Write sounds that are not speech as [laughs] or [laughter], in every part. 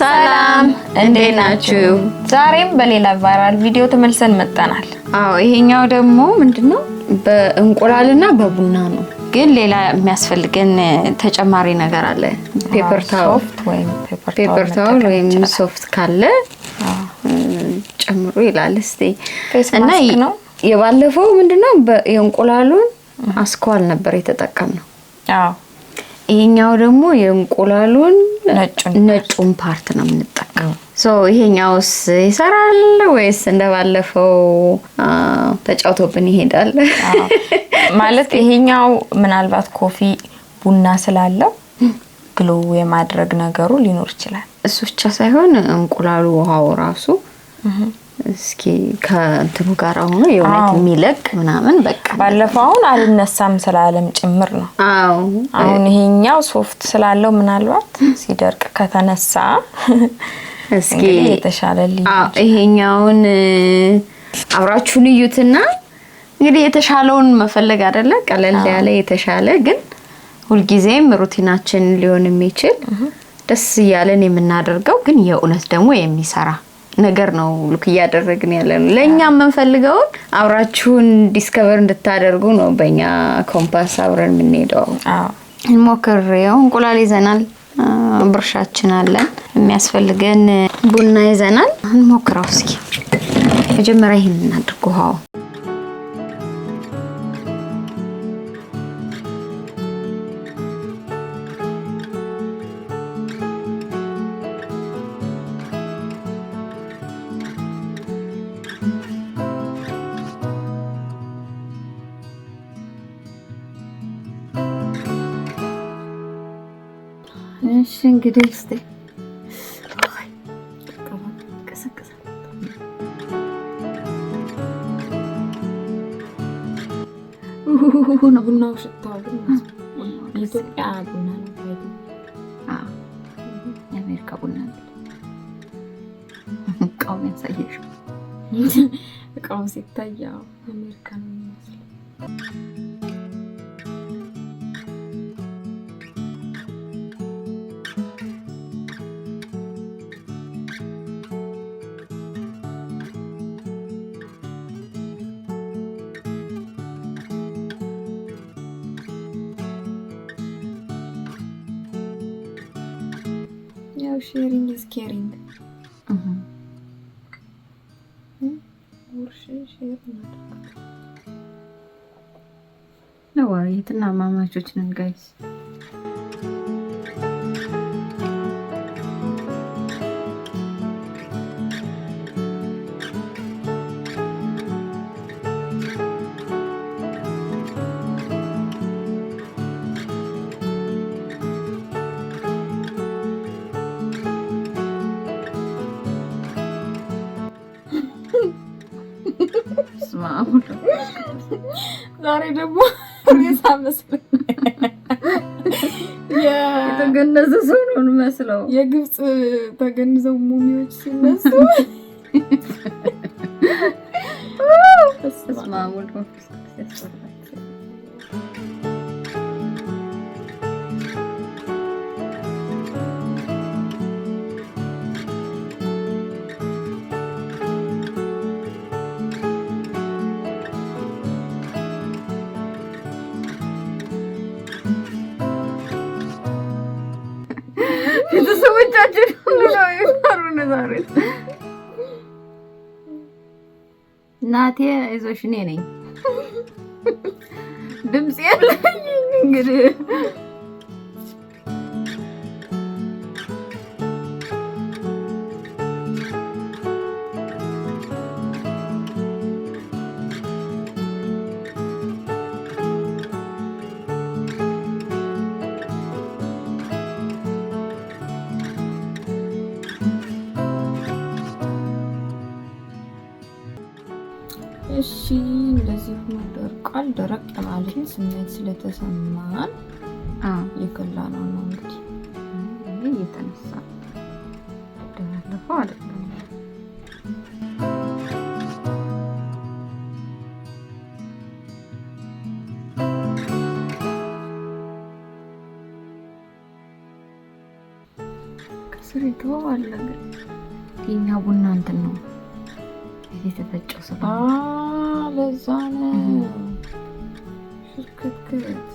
ሰላም እንዴት ናችሁ? ዛሬም በሌላ ቫይራል ቪዲዮ ተመልሰን መጣናል። አዎ ይሄኛው ደግሞ ምንድነው በእንቁላልና በቡና ነው። ግን ሌላ የሚያስፈልገን ተጨማሪ ነገር አለ። ፔፐር ታውል ወይም ፔፐር ታውል ወይም ሶፍት ካለ ጨምሮ ይላል። እስቲ እና የባለፈው ምንድነው የእንቁላሉን አስኳል ነበር የተጠቀምነው። አዎ ይሄኛው ደግሞ የእንቁላሉን ነጩን ፓርት ነው የምንጠቀመው። ይሄኛውስ ይሰራል ወይስ እንደባለፈው ተጫውቶብን ይሄዳል? [laughs] ማለት ይሄኛው ምናልባት ኮፊ ቡና ስላለው ግሎ የማድረግ ነገሩ ሊኖር ይችላል። እሱ ብቻ ሳይሆን እንቁላሉ ውሃው ራሱ እስኪ ከእንትኑ ጋር አሁኑ የእውነት የሚለቅ ምናምን በቃ ባለፈው አሁን አልነሳም ስላለም ጭምር ነው። አዎ አሁን ይሄኛው ሶፍት ስላለው ምናልባት ሲደርቅ ከተነሳ እስኪ የተሻለ ይሄኛውን አብራችሁን እዩትና እንግዲህ የተሻለውን መፈለግ አይደለ ቀለል ያለ የተሻለ ግን ሁልጊዜም ሩቲናችን ሊሆን የሚችል ደስ እያለን የምናደርገው ግን የእውነት ደግሞ የሚሰራ ነገር ነው ልክ እያደረግን ያለ ነው። ለእኛ የምንፈልገውን አብራችሁን ዲስከቨር እንድታደርጉ ነው። በእኛ ኮምፓስ አብረን የምንሄደው እንሞክር። ያው እንቁላል ይዘናል፣ ብርሻችን አለን፣ የሚያስፈልገን ቡና ይዘናል። እንሞክረው እስኪ መጀመሪያ ይህን እናድርጉ። እንግዲህ እስቲ ነው ቡናው ሽታ የኢትዮጵያ ቡና የአሜሪካ ቡና እቃውን ያሳየሽ እቃውን ሲታይ አሜሪካ ነው የሚመስለው። sharing is caring. Uh-huh. Hmm? Urși și No worry, it's not mama judgment, guys. ዛሬ ደግሞ ሬሳ [laughs] መስሎኝ የተገነዘ ሰው ነው የግብፅ ተገንዘው ሙሚዎች ሲነሱ [laughs] ስማሙል ቤተሰቦቻችን ሁሉ ነው የፈሩን ዛሬ። እናቴ አይዞሽ እኔ ነኝ ድምፅ የለኝ እንግዲህ እሺ እንደዚህ ሆኖ ደርቋል። ደረቅ የማለትን ስሜት ስለተሰማን የከላ ነው ነው እንግዲህ እየተነሳ ደረለፈው አለ ስሪ አለ ግን የኛ ቡና እንትን ነው የተፈጨው ስባ ለዛ ነው ሽርክክት።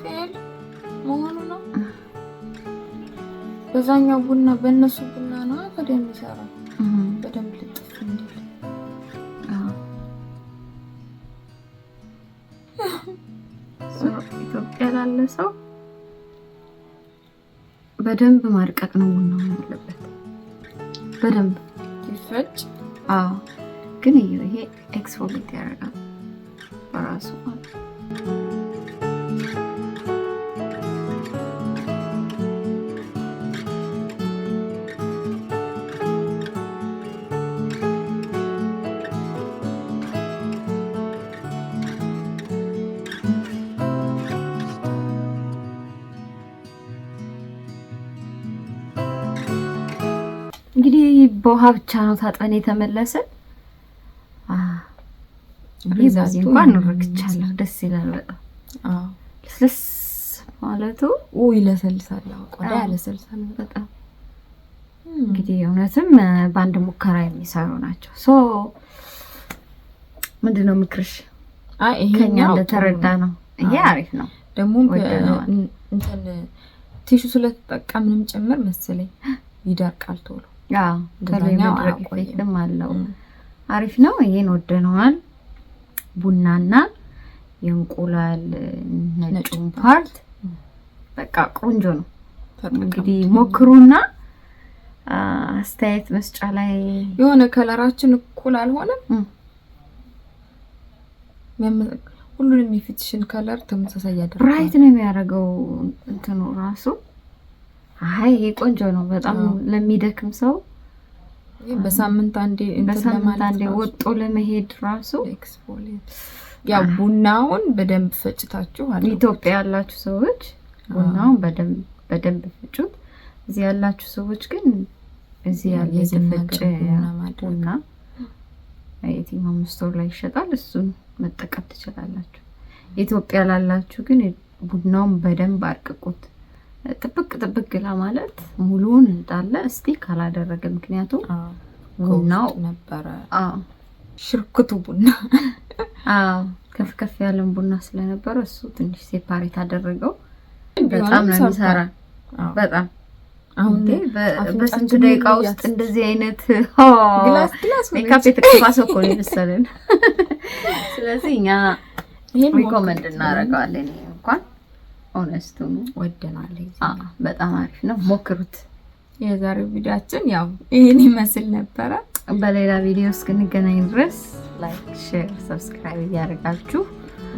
ፌል መሆኑ ነው። በዛኛው ቡና በእነሱ ቡና ነው ታዲያ የሚሰራው በደንብ ኢትዮጵያ ላለ ሰው በደንብ ማድቀቅ ነው ቡና ያለበት። በደንብ ይፈጭ። አዎ፣ ግን ይሄ ኤክስፎሊት ያደርጋል በራሱ ማለት እንግዲህ በውሃ ብቻ ነው ታጥበን የተመለስን። ዛዜ እንኳን ረክቻለሁ። ደስ ይላል በጣም ስስ ማለቱ ይለሰልሳል፣ ቆዳ ያለሰልሳል በጣም እንግዲህ እውነትም በአንድ ሙከራ የሚሰሩ ናቸው። ሶ ምንድን ነው ምክርሽ? ከኛ እንደተረዳ ነው ይሄ አሪፍ ነው። ደግሞ እንትን ቲሹ ስለተጠቃ ምንም ጭምር መሰለኝ ይደርቃል ቶሎ ከሌላው አለው። አሪፍ ነው። ይሄን ወደነዋል። ቡናና የእንቁላል ነጩን ፓርት በቃ ቆንጆ ነው። እንግዲህ ሞክሩና አስተያየት መስጫ ላይ የሆነ ከለራችን እኩል አልሆነም። ሁሉንም የፊትሽን ከለር ተመሳሳይ ያደርጋል። ብራይት ነው የሚያደርገው እንትኑ ራሱ አይ ይሄ ቆንጆ ነው በጣም ለሚደክም ሰው በሳምንት አንዴ በሳምንት አንዴ ወጦ ለመሄድ ራሱ ያው ቡናውን በደንብ ፈጭታችሁ ኢትዮጵያ ያላችሁ ሰዎች ቡናውን በደንብ በደንብ ፍጩት። እዚህ ያላችሁ ሰዎች ግን እዚህ ያለ የተፈጨ ቡና የትኛውም ስቶር ላይ ይሸጣል። እሱን መጠቀም ትችላላችሁ። ኢትዮጵያ ላላችሁ ግን ቡናውን በደንብ አርቅቁት። ጥብቅ ጥብቅ ላ ማለት ሙሉውን እንዳለ እስቲ ካላደረገ ምክንያቱም ቡናው ነበረ ሽርክቱ ቡና ከፍ ከፍ ያለን ቡና ስለነበረ እሱ ትንሽ ሴፓሬት አደረገው። በጣም ነው የሚሰራ በጣም አሁን በስንት ደቂቃ ውስጥ እንደዚህ አይነት ሜካፕ የተቀባ ሰው እኮ ነው የመሰለን። [laughs] ስለዚህ እኛ ሪኮመንድ እናደርገዋለን። ኦነስቱ ወደናል። በጣም አሪፍ ነው፣ ሞክሩት። የዛሬው ቪዲዮአችን ያው ይህን ይመስል ነበረ። በሌላ ቪዲዮ እስክንገናኝ ድረስ ላይክ፣ ሼር፣ ሰብስክራይብ እያደረጋችሁ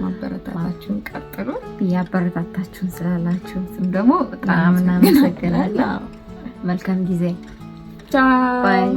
ማበረታታችሁን ቀጥሉ። እያበረታታችሁን ስላላችሁ ስም ደግሞ በጣም እናመሰግናለን። መልካም ጊዜ ባይ